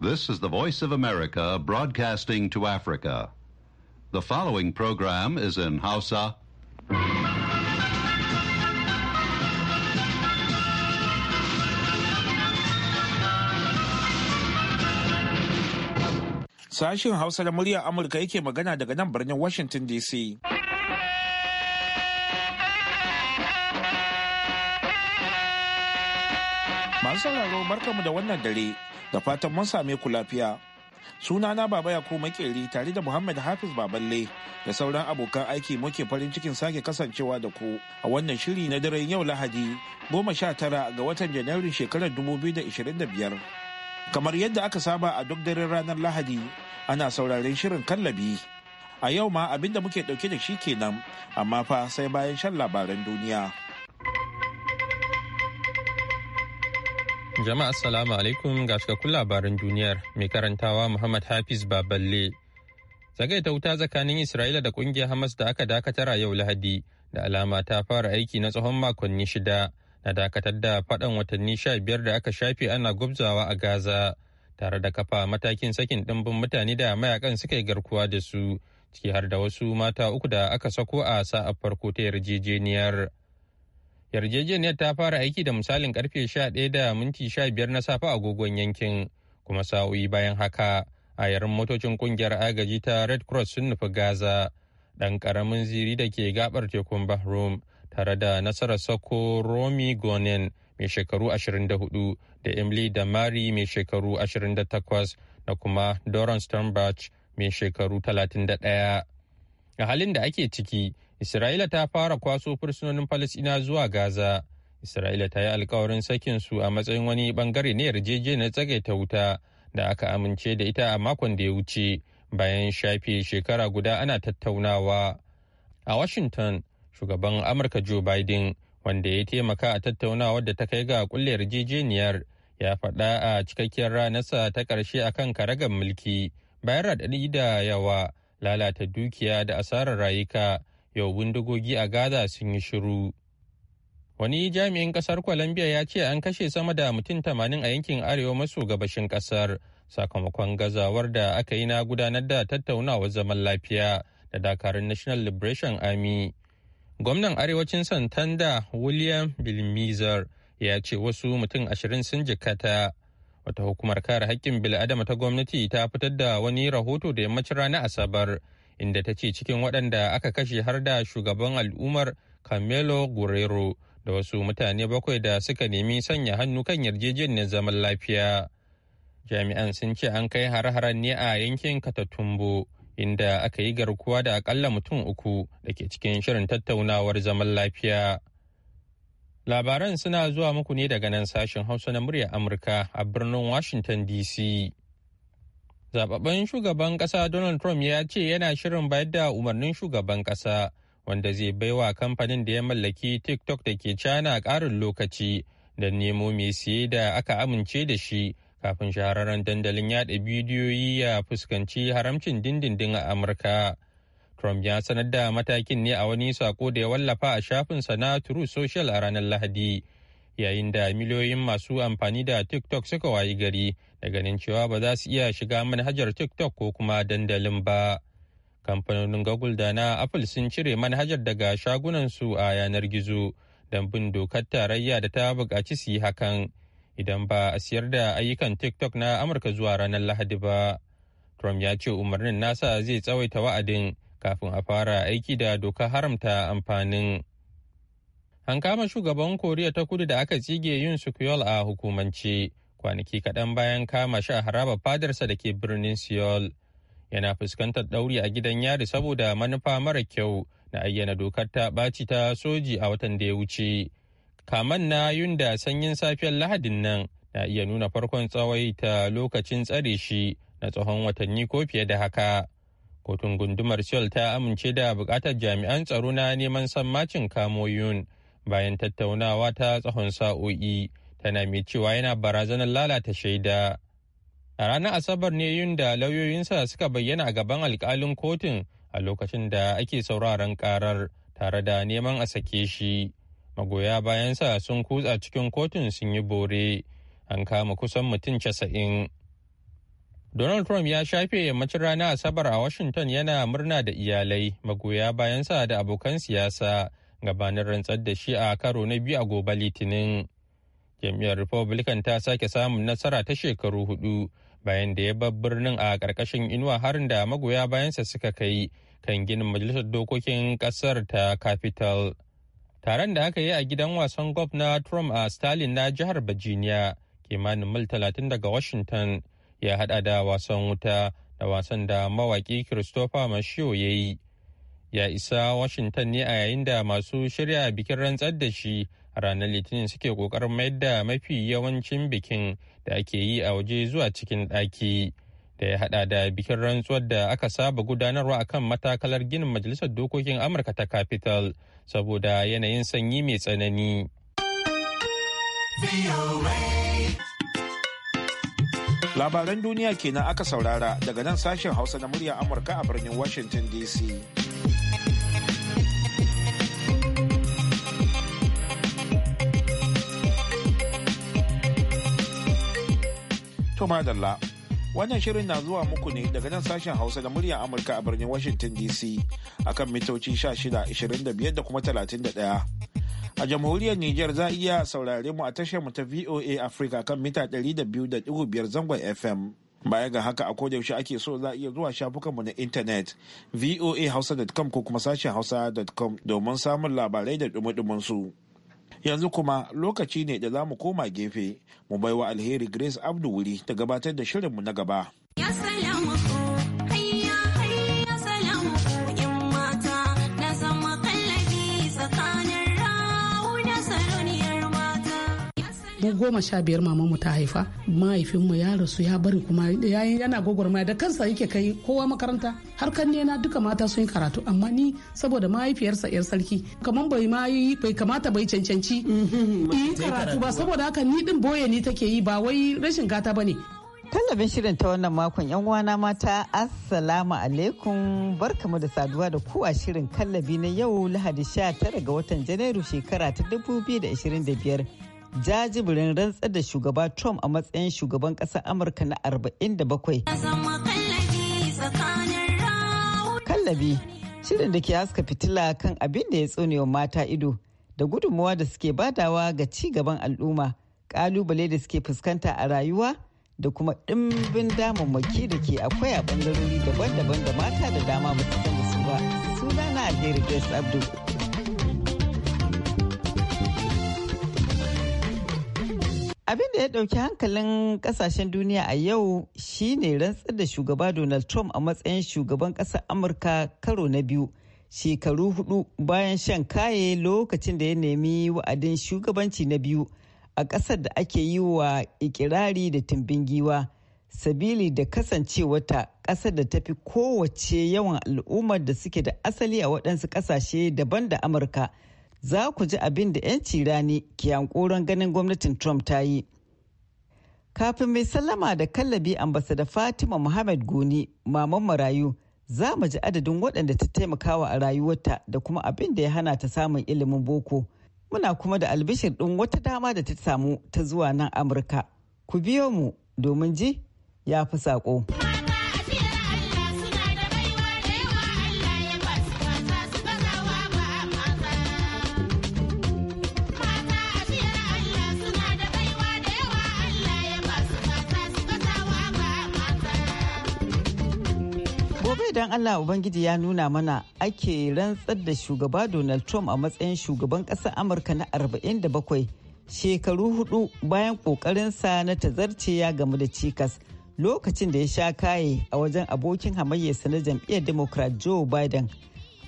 This is the Voice of America broadcasting to Africa. The following program is in Hausa. Sashen Hausa da murya Amurka yake magana daga nan birnin Washington DC. Masu sauraro barkamu da wannan dare. da fatan mun same ku lafiya sunana baba ya makeri tare da muhammad hafiz baballe da sauran abokan aiki muke farin cikin sake kasancewa da ku a wannan shiri na daren yau lahadi goma sha tara ga watan janairun shekarar dubu biyu da da biyar kamar yadda aka saba a duk daren ranar lahadi ana sauraren shirin kallabi a yau ma abinda muke dauke da shi kenan amma fa sai bayan shan labaran duniya. Jama'a assalamu alaikum ga cikakkun labaran duniyar mai karantawa Muhammad Hafiz Baballe. Zagaita wuta tsakanin Isra'ila da kungiyar Hamas da aka dakatar a yau Lahadi da alama ta fara aiki na tsawon makonni shida na dakatar da faɗan watanni sha biyar da aka shafe ana gwabzawa a Gaza tare da kafa matakin sakin ɗimbin mutane da mayakan suka yi garkuwa da su ciki har da wasu mata uku da aka sako a sa'a farko ta yarjejeniyar. Yarjejeniyar ta fara aiki da misalin karfe 11 da minti 15 na safe agogon yankin, kuma sa'o'i bayan haka a yarin motocin kungiyar agaji ta Red Cross sun nufi Gaza, dan karamin ziri da ke gabar tekun Bahrum, tare da nasarar Sako Romy Gonen mai shekaru 24 da Emily Damari mai shekaru 28 da kuma Doron Sternbach mai shekaru 31. da halin da ake ciki isra'ila ta fara kwaso fursunonin falasina zuwa gaza isra'ila ta yi alkawarin sakin su a matsayin wani bangare na yarjejeniyar tsagaita wuta da aka amince da ita a makon da ya wuce bayan shafe shekara guda ana tattaunawa a washington shugaban amurka joe biden wanda ya taimaka a tattaunawar da ta kai ga kulle yarjejeniyar ya faɗa a cikakkiyar ranarsa ta ƙarshe akan karagar mulki bayan raɗaɗi da yawa lalata dukiya da asarar rayuka yau bindigogi a gaza sun yi shiru wani jami'in kasar colombia ya ce an kashe sama da mutum tamanin a yankin arewa maso gabashin kasar sakamakon gazawar da aka yi na gudanar da tattaunawar zaman lafiya da dakarun national liberation army gwamnan arewacin santanda william bilmizar ya ce wasu mutum ashirin sun jikata wata hukumar kare hakkin bil'adama ta gwamnati ta fitar da wani rahoto da yammacin rana asabar inda ta ce cikin waɗanda aka kashe har da shugaban al'ummar camelo guerrero da wasu mutane bakwai da suka nemi sanya hannu kan yarjejeniyar zaman lafiya jami'an sun ce an kai har-haren ne a yankin katatumbo inda aka yi garkuwa da akalla mutum uku da ke cikin shirin tattaunawar zaman lafiya Labaran suna zuwa muku ne daga nan sashen Hausa na muryar Amurka a birnin Washington DC. Zababben shugaban ƙasa Donald Trump ya ce yana shirin bayar da umarnin shugaban ƙasa wanda zai baiwa kamfanin da ya mallaki TikTok da ke cana ƙarin lokaci da nemo mai siye da aka amince da shi kafin shahararren dandalin yada bidiyoyi ya fuskanci haramcin dindindin a Amurka. Trump ya sanar da matakin ne a wani sako da ya wallafa a shafinsa na True Social a ranar Lahadi, yayin da miliyoyin masu amfani da TikTok suka wayi gari da ganin cewa ba za su iya shiga manhajar TikTok ko kuma dandalin ba. Kamfanonin Google da na Apple sun cire manhajar daga shagunansu a yanar gizo don bin dokar tarayya da ta buƙaci su yi hakan idan ba a siyar da ayyukan TikTok na Amurka zuwa ranar Lahadi ba. Trump ya ce umarnin nasa zai tsawaita wa'adin kafin a fara aiki da doka haramta amfanin. An kama shugaban Koriya ta kudu da aka tsige yin Sukuyol a hukumance kwanaki kaɗan bayan kama shi a haraba fadarsa da ke birnin Seoul. Yana fuskantar ɗauri a gidan yari saboda manufa mara kyau na ayyana dokar ta ɓaci ta soji a watan da ya wuce. Kaman na Yun da sanyin safiyar Lahadin nan na iya nuna farkon tsawaita lokacin tsare shi na tsawon watanni ko fiye da haka. kotun gundumar seoul ta amince da bukatar jami'an tsaro na neman sammacin kamoyun bayan tattaunawa ta tsahon sa'o'i tana mai cewa yana barazanar lalata shaida a ranar asabar ne yun da lauyoyinsa suka bayyana a gaban alkalin kotun a lokacin da ake sauraron karar tare da neman a sake shi magoya bayansa sun kutsa cikin kotun sun yi bore an kama kusan mutum casa'in Donald Trump ya shafe yammacin rana Asabar a Washington yana murna da iyalai, magoya bayansa da abokan siyasa gabanin rantsar da shi a karo na biyu a gobe Litinin. Jam'iyyar Republican ta sake samun nasara ta shekaru hudu bayan da ya bar birnin a ƙarƙashin inuwa harin da magoya bayansa suka kai kan ginin Majalisar Dokokin ƙasar ta Capital. Taron da aka yi a gidan wasan gwamna na Trump a Stalin na jihar Virginia, kimanin mil talatin daga Washington. ya hada da wasan wuta da wasan da mawaƙi Christopher Mashio ya yi. Ya isa Washington ne a yayin da masu shirya bikin rantsar da shi a ranar Litinin suke kokarin mayar da mafi yawancin bikin da ake yi a waje zuwa cikin ɗaki. Da ya hada da bikin rantsuwar da aka saba gudanarwa a kan matakalar ginin Majalisar Dokokin Amurka ta capital saboda yanayin sanyi mai tsanani. Labaran duniya kenan aka saurara daga nan sashen Hausa na murya Amurka a birnin Washington DC. madalla wannan shirin na zuwa muku ne daga nan sashen hausa na muryar amurka a birnin washington dc akan mitoci 16 25 da kuma 31 A jamhuriyar Nijar za iya saurare mu a tashar mu ta VOA Africa kan mita 200.5 zangon FM. Baya ga haka a yaushe ake so za iya zuwa shafukanmu na intanet voahausa.com ko kuma sashen hausa.com domin samun labarai da dumudumin su. Yanzu kuma lokaci ne da za mu koma gefe mu baiwa alheri Grace Abdu wuri ta gabatar da shirin mu na gaba. goma sha biyar mamanmu ta haifa mahaifinmu ya rasu ya bari kuma yayin yana gwagwarmaya da kansa yake kai kowa makaranta har kan na duka mata sun yi karatu amma ni saboda mahaifiyarsa yar sarki kamar bai ma bai kamata bai cancanci yi karatu ba saboda haka ni din boye ni take yi ba wai rashin gata bane Tallabin shirin ta wannan makon yan uwana mata assalamu alaikum barkamu da saduwa da ku a shirin kallabi na yau lahadi 19 ga watan janairu shekara ta 2025 jajibirin rantsar da shugaba Trump a matsayin shugaban ƙasar Amurka na 47. Kallabi shirin da ke haska fitila kan abin da ya tsonewa mata ido da gudunmuwa da suke badawa ga ci gaban al'umma kalubale da suke fuskanta a rayuwa da kuma ɗimbin damammaki da ke akwai a bangarori daban-daban da mata da dama ba su san da su ba. Sunana Alheri Grace Abdul. Abin da ya ɗauki hankalin ƙasashen duniya a yau shine rantsar da shugaba Donald Trump a matsayin shugaban ƙasar Amurka karo na biyu. Shekaru hudu bayan shan kaye lokacin da ya nemi wa'adin shugabanci na biyu a ƙasar da ake yi wa ikirari da tumbin Sabili da kasancewata ƙasar da tafi kowace yawan al'ummar da suke da asali a waɗansu ƙasashe daban da Amurka. za ku ji abin da 'yan tirani ke yankoron ganin gwamnatin Trump ta yi. Kafin mai sallama da kallabi ambasada Fatima Muhammad Goni, maman marayu, za mu ji adadin waɗanda ta taimakawa a rayuwarta da kuma abin da ya hana ta samun ilimin boko. Muna kuma da albishir ɗin wata dama da ta samu ta zuwa nan Amurka. Ku biyo mu domin ji ya fi saƙo. idan Allah Ubangiji ya nuna mana ake rantsar da shugaba Donald Trump a matsayin shugaban ƙasar Amurka na 47 shekaru hudu bayan ƙoƙarinsa na tazarce ya gamu da cikas lokacin da ya sha kaye a wajen abokin hamayyarsa na jam'iyyar Democrat Joe Biden.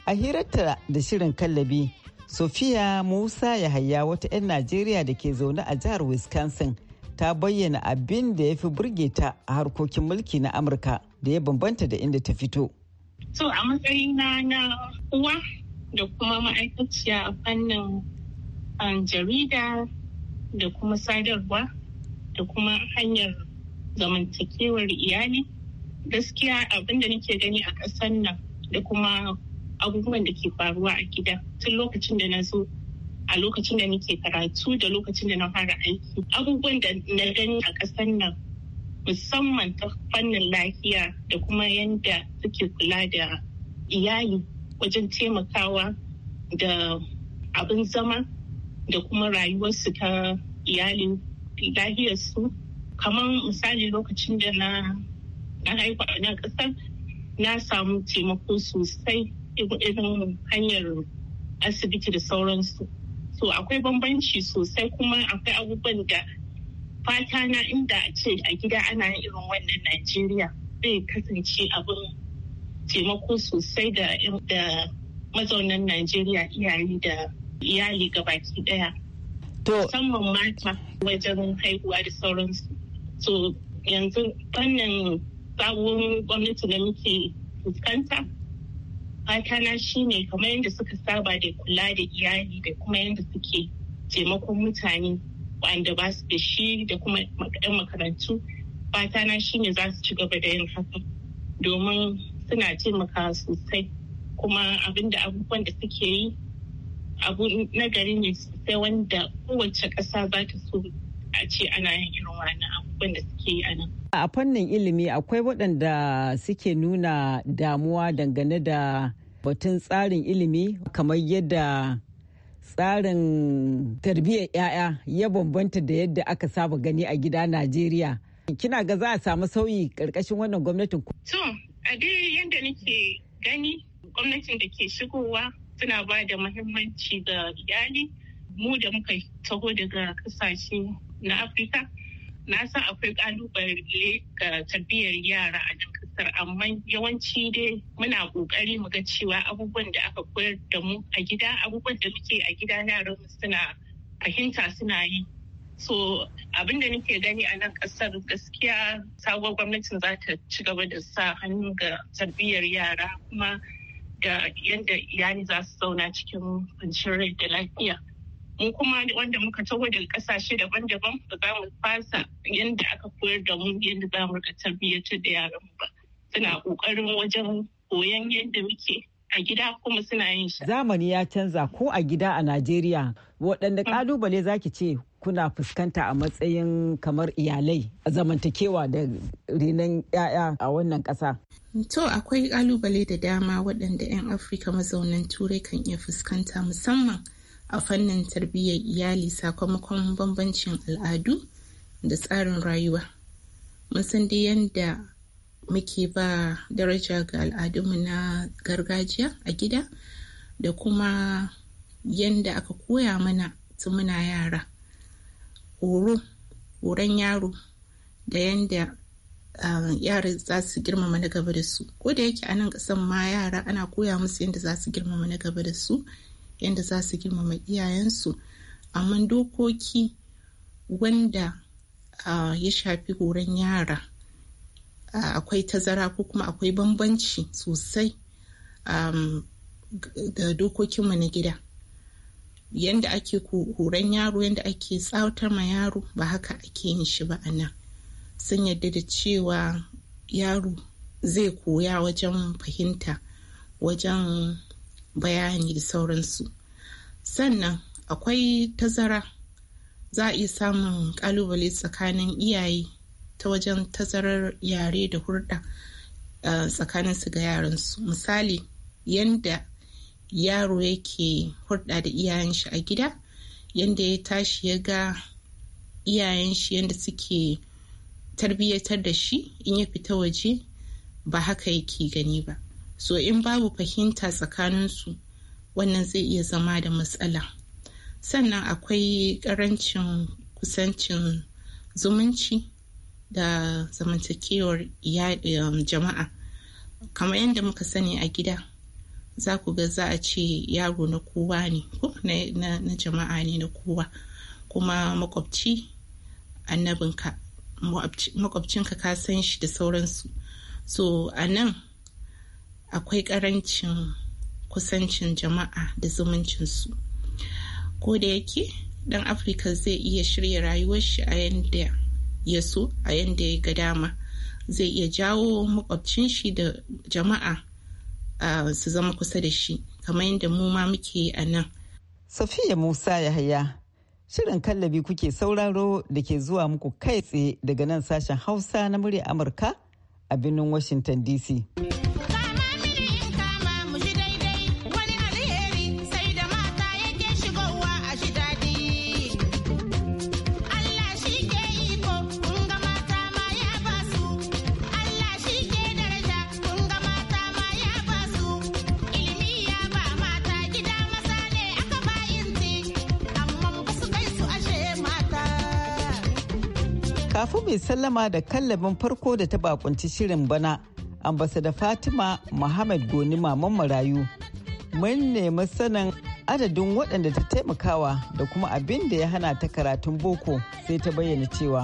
A hirarta da shirin kallabi, Sophia Musa Yahaya wata 'yan Najeriya da ke zaune a jihar Wisconsin ta bayyana abin da ya fi burge ta a harkokin mulki na Amurka. da ya bambanta da inda ta fito. So a matsayin na uwa da kuma ma'aikaciya a fannin um, jarida da kuma sadarwa da kuma hanyar zamantakewar iyali gaskiya abin da nake gani a ƙasar nan da kuma abubuwan da ke faruwa a gida tun lokacin da na zo a lokacin da nake karatu da lokacin da na fara aiki abubuwan da na gani a ƙasar nan musamman ta fannin lafiya da kuma yadda suke kula da iyali wajen taimakawa da abin zama da kuma rayuwarsu ta iyali lafiyarsu kamar misali lokacin da na haifa a nan kasar na samu taimako sosai irin hanyar asibiti da sauransu To akwai bambanci sosai kuma akwai abubuwan da fata na inda a ce a gida ana irin wannan najeriya zai kasance abin taimako sosai da mazaunan najeriya iyali da iyali gabaki daya musamman mata wajen haihuwa da sauransu so yanzu fannin sabon gwamnati da muke fuskanta fata na ne kamar yadda suka saba da kula da iyali da kuma yadda suke taimakon mutane wanda ba su da shi da kuma yan makarantu fata na shine za su ci gaba da yin haka domin suna taimaka sosai kuma abin da abubuwan da suke yi abu nagari ne sosai wanda kowace ƙasa za ta so a ce ana yin irin wani abubuwan da suke yi anan. nan. A fannin ilimi akwai waɗanda suke nuna damuwa dangane da batun tsarin ilimi kamar yadda tsarin tarbiyyar 'ya'ya ya bambanta da yadda aka saba gani a gida Najeriya. Kina ga za a samu sauyi ƙarƙashin wannan gwamnatin? To, a dai yadda nake gani gwamnatin da ke shigowa suna ba da muhimmanci ga iyali mu da muka taho daga kasashe na Afirka. Na san akwai ƙalubale ga tarbiyyar yara a nan Masar amma yawanci dai muna kokari mu ga cewa abubuwan da aka koyar da mu a gida abubuwan da muke a gida yaran suna fahimta suna yi. So abin da nake gani a nan kasar gaskiya sabuwar gwamnatin za ta ci gaba da sa hannu ga tarbiyyar yara kuma da yadda iyali za su zauna cikin kwanciyar da lafiya. mu kuma wanda muka taho daga kasashe daban-daban ba za mu fasa yadda aka koyar da mu yadda za mu rika tarbiyyar da yaran ba. suna ƙoƙarin wajen koyon yadda muke a gida kuma suna yin shi. Zamani ya canza ko a gida a Najeriya waɗanda mm. ƙalubale zaki ce kuna fuskanta a matsayin kamar iyalai a zamantakewa da renon 'ya'ya a wannan ƙasa. To akwai ƙalubale da dama waɗanda 'yan Afirka mazaunan Turai kan iya fuskanta musamman a fannin tarbiyyar iyali sakamakon bambancin al'adu da tsarin rayuwa. Mun san dai yadda muke ba daraja ga al'adunmu na gargajiya a gida da kuma yadda aka koya mana tun muna yara horo horon yaro da yadda ah, yara za su girmama na gaba da su ko da yake a nan kasan ma yara ana koya musu yadda za su girmama na gaba da su yadda za su girmama iyayensu amma dokoki wanda ah, ya shafi horon yara akwai tazara ko kuma akwai bambanci sosai um, da dokokinmu na gida yadda ake horon yaro yadda ake tsawatar ma yaro ba haka ake yin shi ba a nan sun yadda da cewa yaro zai koya wajen fahimta wajen bayani da sauransu sannan akwai tazara za a iya samun kalubale tsakanin iyaye ta wajen tazarar yare da hurɗa eh, tsakanin su ga yaransu misali yanda yaro yake hurɗa da iyayen shi a gida yanda ya tashi ya ga iyayen shi yanda suke tarbiyyatar da shi in ya fita waje ba haka yake gani ba so in babu fahimta tsakaninsu wannan zai iya zama da matsala sannan akwai karancin kusancin zumunci da zamantakewar um, jama'a kamar yadda muka sani a gida za ku ga za a ce yaro na kowa ne ko na jama'a ne na kowa kuma makwabci annabinka makwabcinka ka san shi da sauransu so a nan akwai karancin kusancin jama'a da zumuncinsu ko da yake dan afirka zai iya shirya rayuwar shi a yadda ya so a yadda ya ga dama zai iya jawo makwabcin shi da jama'a su zama kusa da shi kamar yadda mu ma muke a nan. Safiya Musa Yahaya Shirin kallabi kuke sauraro da ke zuwa muku kai tsaye daga nan sashen Hausa na murya Amurka a birnin Washington DC. fi mai sallama da kallabin farko da ta bakunci shirin bana, ambasada Fatima Muhammad Goni Maman Marayu. Mun nemi sanin adadin waɗanda ta taimakawa da kuma abin da ya hana ta karatun boko sai ta bayyana cewa.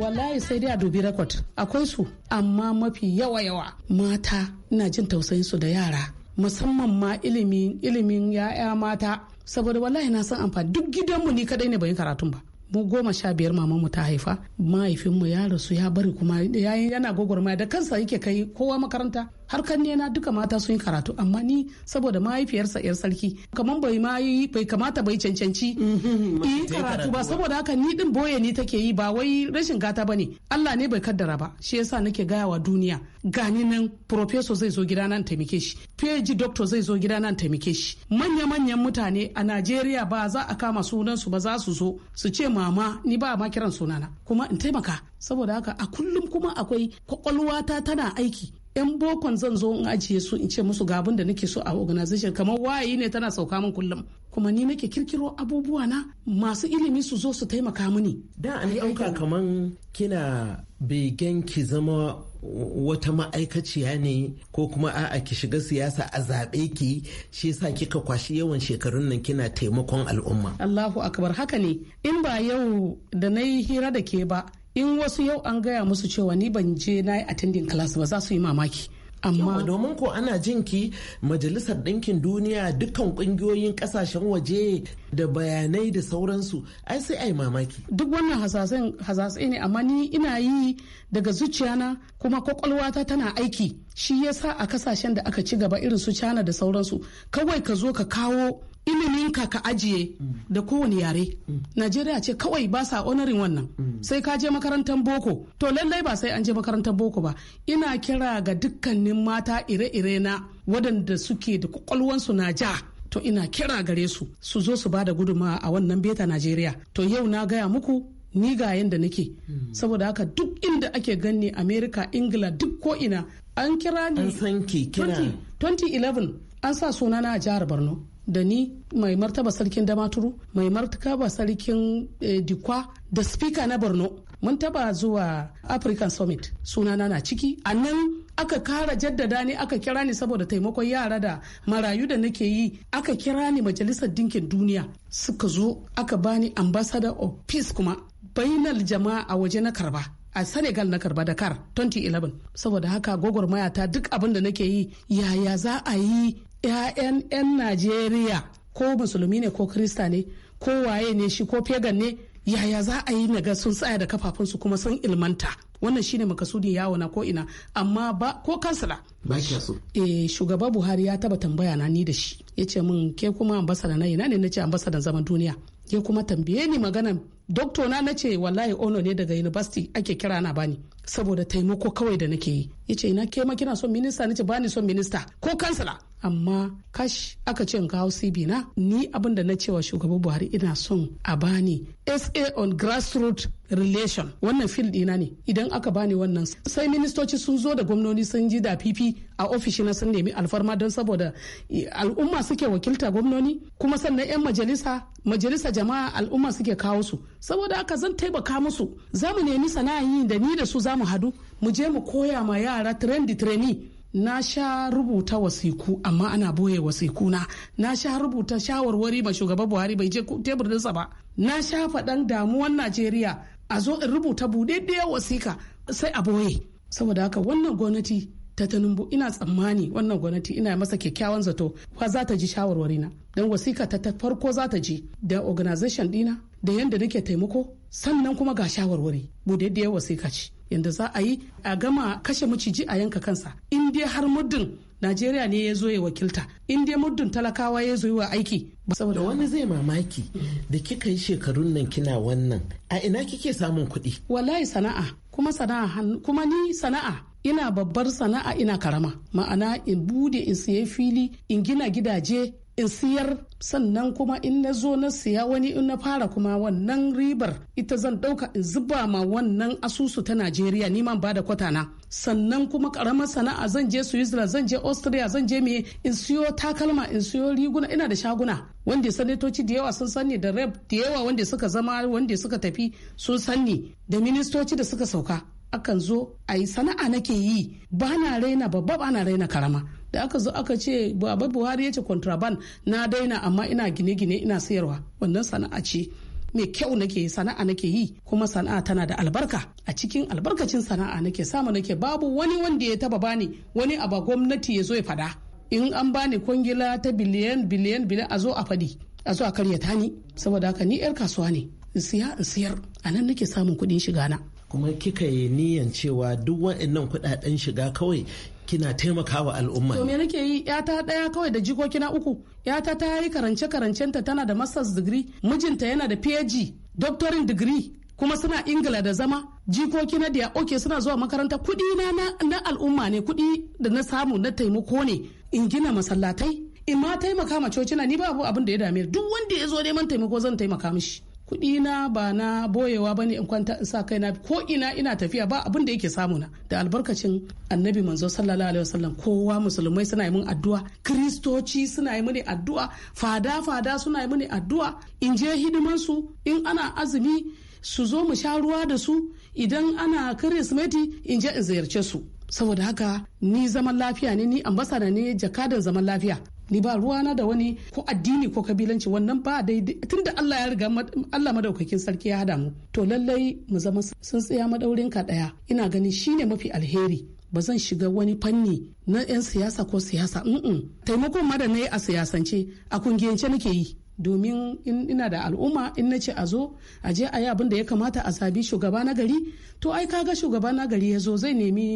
wallahi sai dai a dubi rekod akwai su amma mafi yawa yawa mata ina jin tausayin su da yara musamman ma ilimin ilimin ya'ya mata saboda wallahi na san amfani duk gidanmu ni kadai ne bai karatun ba mu goma sha biyar mu ta haifa mahaifinmu ya rasu ya bari kuma yana gwagwarmaya da kansa yake kai kowa makaranta har kan na duka mata sun yi karatu amma ni saboda mahaifiyarsa yar sarki kamar bai ma bai kamata bai cancanci mm-hmm. yi karatu ba saboda haka ni din boye ni take yi ba wai rashin gata bane Allah ne bai kaddara ba shi yasa nake gaya wa duniya gani nan professor zai zo gida nan taimake shi PhD doctor zai zo gida nan taimake shi manya manyan mutane a Najeriya ba za a kama sunan su ba za su zo su ce mama ni ba ma kiran sunana kuma in taimaka saboda haka a kullum kuma akwai kwakwalwata tana aiki yan bokon zan zo in ajiye su in ce musu ga da nake so a organization kamar wayi ne tana sauka min kullum kuma ni nake kirkiro abubuwa na masu ilimi su zo su taimaka mini da an ɗauka kaman kina begen ki zama wata ma'aikaciya ne ko kuma a'a ki shiga siyasa a zaɓe ki shi yasa kika kwashi yawan shekarun nan kina taimakon al'umma Allahu akbar haka ne in ba yau da na yi hira da ke ba in wasu yau an gaya musu cewa ni ban je na yi attending class ba za su yi mamaki amma domin ko ana jinki majalisar ɗinkin duniya dukkan ƙungiyoyin ƙasashen waje da bayanai da sauransu ai sai ai mamaki duk wannan hasasai ne amma ni ina yi daga zuciya na kuma kwakwalwata tana aiki shi yasa a kasashen da aka ci gaba irin su cana da sauransu kawai ka zo ka kawo ilimin ka ka ajiye mm. da kowane yare mm. najeriya ce kawai ba sa onarin wannan mm. sai ka je makarantar boko to lallai ba sai an je makarantar boko ba ina kira ga dukkanin mata ire-ire na waɗanda suke da kwakwalwansu na ja to ina kira gare su su zo su ba da guduma a wannan beta najeriya to yau na gaya muku ni ga yanda nake saboda haka duk inda ake gani america ingila duk ko ina an kira ni 2011 an sa sunana a jihar borno da ni mai martaba sarkin damaturu mai martaba sarkin eh, dikwa da speaker na borno mun taba zuwa african summit sunana na ciki a nan aka kara jaddada ni aka kira ni saboda taimakon yara da marayu da nake yi aka kira ni majalisar dinkin duniya suka zo aka bani ambassador of peace kuma bainal jama'a a waje na karba a senegal na karba dakar 2011 saboda haka gwagwarmaya ta duk abin da nake yi yaya za a yi 'ya'yan 'yan najeriya ko musulmi ne ko krista ne ko waye ne shi ko fegan ne yaya za a yi naga sun tsaya da kafafunsu kuma sun ilmanta wannan shine makasudin yawo na ko ina amma ba ko kansila eh shugaba buhari ya taba tambaya na ni da shi yace min ke kuma ambasada na ina ne nace ambasadan zaman duniya ya kuma tambaye ni maganan doktor na nace ce wallahi ono ne daga university ake kira na bani saboda taimako kawai da nake yi yace ina ke ma kina son minista nace bani son minista ko kansala amma kash aka ce in kawo cb na ni abin da na cewa shugaban buhari ina son a bani sa on grassroots relation wannan field ina ne idan aka bani wannan sai ministoci sun zo da gwamnoni sun ji da fifi a ofishi na sun nemi alfarma don saboda eh, al'umma suke wakilta gwamnoni kuma sannan 'yan majalisa majalisa jama'a al'umma suke kawo su saboda aka zan taimaka musu za mu nemi sana'a yi da ni da su za mu hadu mu je mu koya ma yara trendy trainee na sha rubuta wasiku amma ana boye wasiku na na sha rubuta shawarwari ma shugaba buhari bai je tebur dinsa ba na sha faɗan damuwan najeriya a zo in rubuta buɗaɗɗiyar wasika sai a boye saboda haka wannan gwamnati ta tanumbu ina tsammani wannan gwamnati ina masa kyakkyawan zato fa za ta ji shawarwari na don wasika ta farko za ta ji da organization dina da yadda nake taimako sannan kuma ga shawarwari bude da yawa sai ka yadda za a yi a gama kashe maciji a yanka kansa in dai har muddin najeriya ne ya zo ya wakilta in dai muddin talakawa ya zo yi wa aiki saboda wani zai mamaki da kika yi shekarun nan kina wannan a ina kike samun kuɗi wallahi sana'a kuma sana'a kuma ni sana'a ina babbar sana'a ina karama ma'ana in bude in siye fili in gina gidaje in siyar sannan kuma in na zo na siya wani in na fara kuma wannan ribar ita zan ɗauka in zuba ma wannan asusu ta najeriya niman ba da kwatana sannan kuma karamar sana'a zan je switzerland zan je austria zan je me in siyo takalma in siyo riguna ina da shaguna wanda sanatoci da yawa sun sani da rep da yawa wanda suka zama wanda suka tafi sun sani da ministoci da suka sauka akan zo a yi sana'a nake yi ba na raina babba ba na raina karama da aka zo aka ce baba buhari ya ce contraband na daina amma ina gine-gine ina sayarwa wannan sana'a ce mai kyau nake yi sana'a nake yi kuma sana'a tana da albarka a cikin albarkacin sana'a nake samu nake babu wani wanda ya taba bani wani abu gwamnati ya zo ya fada in an bani kwangila ta biliyan biliyan biliyan a zo a fadi a zo a karyata ni saboda haka ni yar kasuwa ne in siya in siyar a nan nake samun kuɗin shiga na kuma kika yi niyan cewa duk wa'annan kudaden shiga kawai kina taimakawa al'umma to me nake yi yata daya kawai da jikokina uku yata ta yi karance karancenta tana da masters degree mijinta yana da phd doctoring degree kuma suna ingila da zama jikoki na da oke suna zuwa makaranta kudi na na al'umma ne kudi da na samu na taimako ne in gina masallatai in ma taimaka ma cocina ni babu abin da ya dame duk wanda ya zo neman taimako zan taimaka mishi kuɗi na ba na boyewa ne in kwanta in sa kai na ko ina ina tafiya ba abin da yake samu na da albarkacin annabi manzo sallallahu alaihi wasallam kowa musulmai suna yi min addu'a kristoci suna yi mini addu'a fada fada suna yi mini addu'a in je hidiman su in ana azumi su zo mu sha ruwa da su idan ana kirismeti in je in ziyarce su saboda haka ni zaman lafiya ne ni ambasada ne jakadan zaman lafiya ni ba ruwana da wani ko addini ko kabilanci wannan ba daidai tunda Allah ya riga Allah madaukakin sarki ya hada mu to lallai mu zama sun tsaya madaurin ka daya ina ganin shine mafi alheri ba zan shiga wani fanni na 'yan siyasa ko siyasa mm taimakon ma da a siyasance a kungiyance nake yi domin in ina da al'umma in na ce a zo a je a yi abin da ya kamata a zabi shugaba na gari to ai kaga shugaba na gari ya zo zai nemi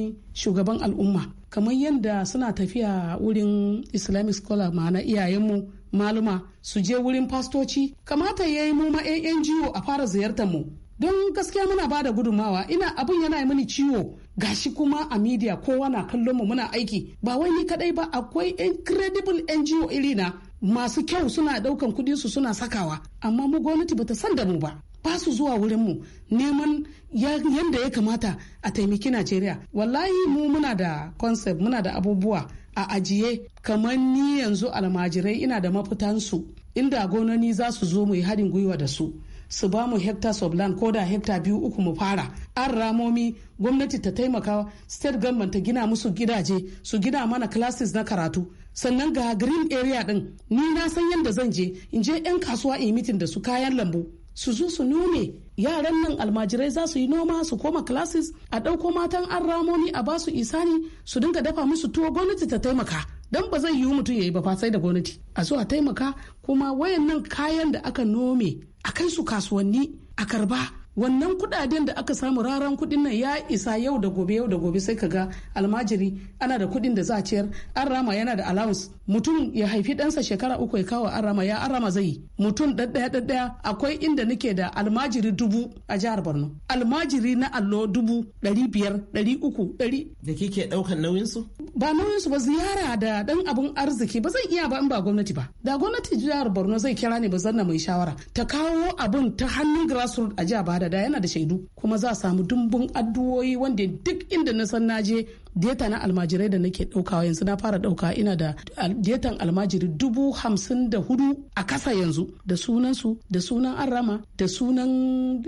shugaban al'umma kamar yadda suna tafiya wurin islamic scholar ma'ana iyayenmu maluma su je wurin fastoci kamata ya yi mu ma 'yan NGO a fara ziyartar mu don gaskiya muna bada gudumawa ina abin yana yi mini ciwo gashi kuma a media kowa na kallon mu muna aiki ba wai ni kadai ba akwai incredible NGO irina masu kyau suna daukan kudin su suna sakawa amma mu gwamnati bata san da mu ba ba su zuwa wurin mu neman yadda ya kamata a taimaki Najeriya wallahi mu muna da concept muna da abubuwa a ajiye kamar ni yanzu almajirai ina da mafitansu inda gonani za su zo mu yi haɗin gwiwa da su su ba mu hectares of land ko da hectares biyu uku mu fara an ramomi gwamnati ta taimaka state government ta gina musu gidaje su gina mana classes na karatu sannan ga green area din ni na san yadda zan je in je yan kasuwa in mitin da su kayan lambu su zo su nune yaran nan almajirai za su yi noma su koma classes a ɗauko matan an ramoni a basu isani su dinga dafa musu tuwo gwamnati ta taimaka don ba zai yiwu mutum ya yi ba sai da gwamnati a zuwa taimaka kuma wayannan kayan da aka nome a kai su kasuwanni a karba wannan kudaden da aka samu raran kudin nan ya isa yau da gobe yau da gobe sai ka ga almajiri ana da kudin da za a ciyar an rama yana da allowance mutum ya haifi ɗansa shekara uku ya kawo an rama ya an rama zai mutum ɗaɗɗaya ɗaɗɗaya akwai inda nake da almajiri dubu a jihar borno almajiri na allo dubu ɗari biyar ɗari uku ɗari. da kike ɗaukan nauyin su. ba nauyin su ba ziyara da ɗan abun arziki ba zai iya ba in ba gwamnati ba da gwamnati jihar borno zai kira ne ba zanna mai shawara ta kawo abun ta hannun grassroots a jihar da yana da shaidu kuma za a samu dumbun addu'o'i wanda duk inda na san na je deta na almajirai da nake ɗauka yanzu na fara ɗauka ina da detan almajiri dubu hamsin da hudu a kasa yanzu da sunan su da sunan arrama da sunan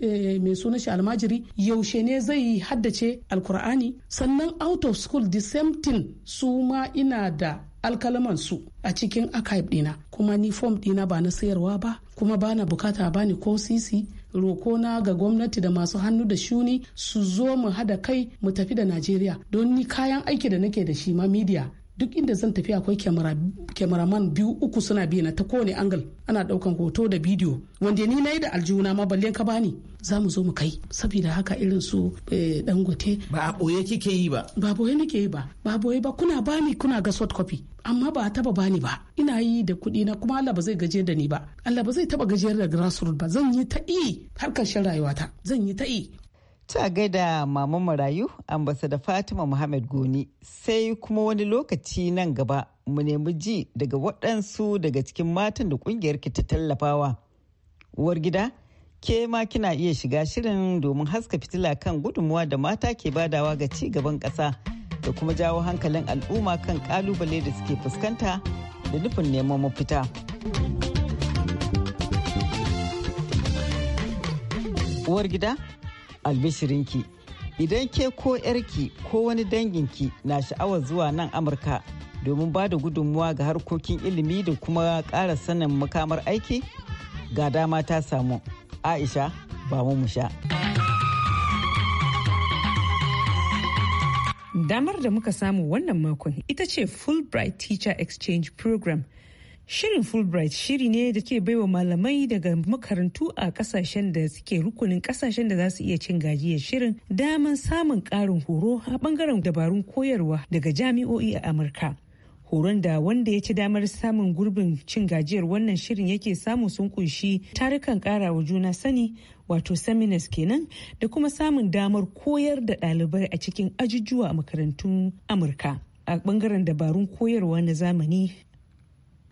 eh, mai sunan shi almajiri yaushe ne zai haddace alkur'ani sannan out of school the same thing su ma ina da alkalaman su a cikin archive dina kuma ni form dina ba na sayarwa ba kuma ba na bukata bani ko sisi rokona ga gwamnati da masu hannu da shuni su zo mu hada kai mu tafi da najeriya don ni kayan aiki da nake da shi ma media duk inda zan tafi akwai kyamaraman biyu uku suna biyu na ta kowane angal ana daukan hoto da bidiyo wanda ni na yi da aljihuna ma balle ka bani za mu zo mu kai saboda haka irin su eh, dangote ba a boye kike yi ba ba boye nake yi ba ba boye ba kuna bani kuna ga soft copy amma ba a taba bani ba ina yi da kuɗi na kuma Allah ba zai gaje da ni ba Allah ba zai taba gajiyar da grassroots ba zan yi ta yi har ƙarshen rayuwata zan yi ta yi Ta gaida Mama Marayu, ambasada Fatima Muhammad Goni, sai kuma wani lokaci nan gaba mu nemi ji daga waɗansu daga cikin matan da ƙungiyarki ta tallafawa. Uwar gida, ke ma kina iya shiga shirin domin haska fitila kan gudunmuwa da mata ke badawa ga ci gaban ƙasa da kuma jawo hankalin al'umma kan ƙalubale da suke fuskanta da nufin neman mafita. Uwar gida, albishirinki idan ke ko yarki ko wani danginki na sha'awar zuwa nan amurka domin ba da gudunmuwa ga harkokin ilimi da kuma ƙara sanin makamar aiki ga dama ta samu aisha ba mu sha. damar da muka samu wannan makon ita ce fulbright teacher exchange program Shirin Fulbright shiri ne da ke baiwa malamai daga makarantu a kasashen da suke rukunin kasashen da za su iya cin gajiyar shirin daman samun ƙarin horo a ɓangaren dabarun koyarwa daga jami'o'i a Amurka. Horon da wanda ya ci damar samun gurbin cin gajiyar wannan shirin yake samu sun kunshi tarukan ƙara wa juna sani wato seminars kenan da kuma samun damar koyar da ɗalibai a cikin ajujuwa a makarantun Amurka. a ɓangaren dabarun koyarwa na zamani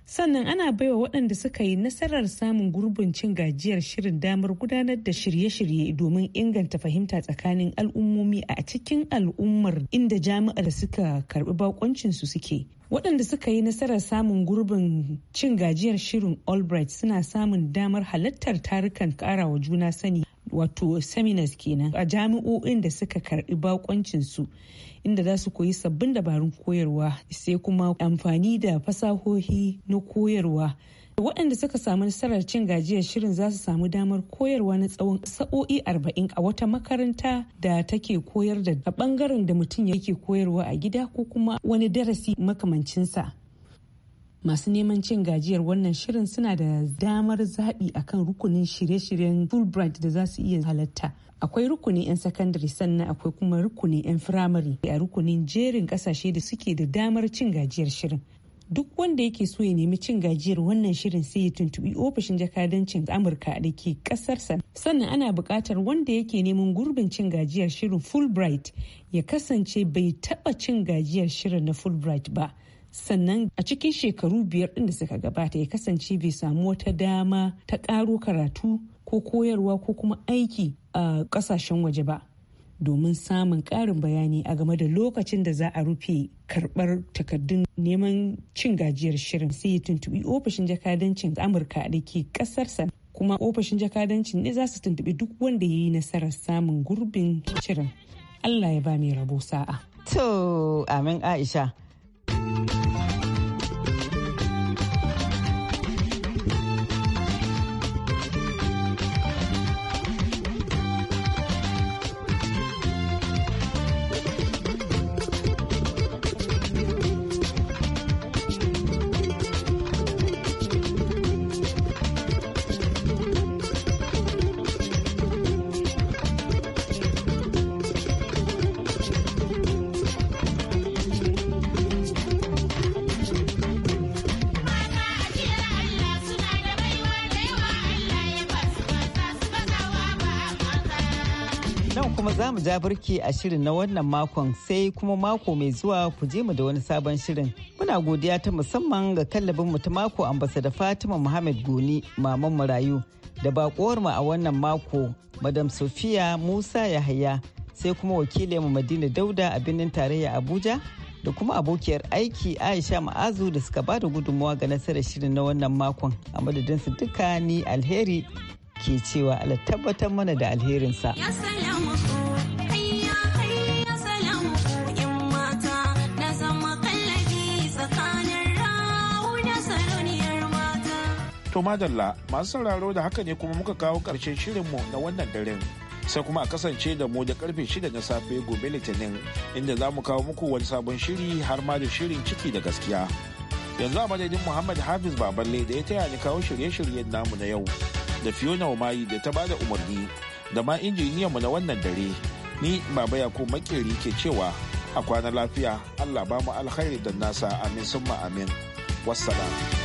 sannan ana baiwa waɗanda suka yi nasarar samun gurbin cin gajiyar shirin damar gudanar da shirye-shirye domin inganta fahimta tsakanin al'ummomi a cikin al'ummar inda jami'ar suka karbi bakoncinsu suke waɗanda suka yi nasarar samun gurbin cin gajiyar shirin albright suna samun damar halartar tarukan karawa juna sani wato seminars kenan a jami'o'in da suka karbi bakoncin su inda za su koyi sabbin dabarun koyarwa sai kuma amfani da fasahohi na koyarwa waɗanda suka samu nasarar cin gajiyar shirin za su samu damar koyarwa na tsawon sa'o'i arba'in a wata makaranta da take koyar da bangaren da mutum yake koyarwa a gida ko kuma wani darasi makamancinsa masu neman cin gajiyar wannan shirin suna da damar zaɓi akan rukunin shirye-shiryen fulbright da za su iya halatta akwai rukunin 'yan sakandare sannan akwai kuma rukunin 'yan firamare a rukunin jerin ƙasashe da suke da damar cin gajiyar shirin duk wanda yake so ya nemi cin gajiyar wannan shirin sai ya tuntubi ofishin jakadancin amurka da ke kasarsa sannan ana buƙatar wanda yake neman gurbin cin gajiyar shirin fulbright ya kasance bai taɓa cin gajiyar shirin na fulbright ba sannan a cikin shekaru biyar ɗin da suka gabata ya kasance bai samu wata dama ta ƙaro karatu ko koyarwa ko kuma aiki a ƙasashen waje ba domin samun ƙarin bayani a game da lokacin da za a rufe karɓar takardun neman cin gajiyar shirin sai ya tuntuɓi ofishin jakadancin amurka da ke ƙasarsa kuma ofishin jakadancin ne za su tuntuɓi duk wanda ya yi nasarar samun gurbin shirin allah ya ba mai rabo sa'a to amin aisha kuma za mu ja birki a shirin na wannan makon sai kuma mako mai zuwa ku je mu da wani sabon shirin. Muna godiya ta musamman ga kallabin mu ta mako da Fatima Muhammad Goni maman marayu da bakuwar mu a wannan mako Madam sophia Musa Yahaya sai kuma wakilin mu Madina Dauda a birnin tarayya Abuja da kuma abokiyar aiki aisha ma'azu da suka ba da gudunmawa ga nasarar shirin na wannan makon a madadinsu duka ni alheri ke cewa Allah tabbatar mana da alherinsa. To madalla masu sauraro da haka ne kuma muka kawo ƙarshen shirinmu na wannan daren. sai kuma a kasance da mu da karfe shida na safe gobe litinin inda za mu kawo muku wani sabon shiri har ma da shirin ciki da gaskiya yanzu a madadin muhammad hafiz baballe da ya taya ni kawo shirye-shiryen namu na yau da Fiona Umayi da ta bada umarni da ma injiniyanmu na wannan dare. Ni Baba yako Makeri ke cewa a kwana lafiya Allah ba mu alkhairi da nasa amin summa amin. Wassalam.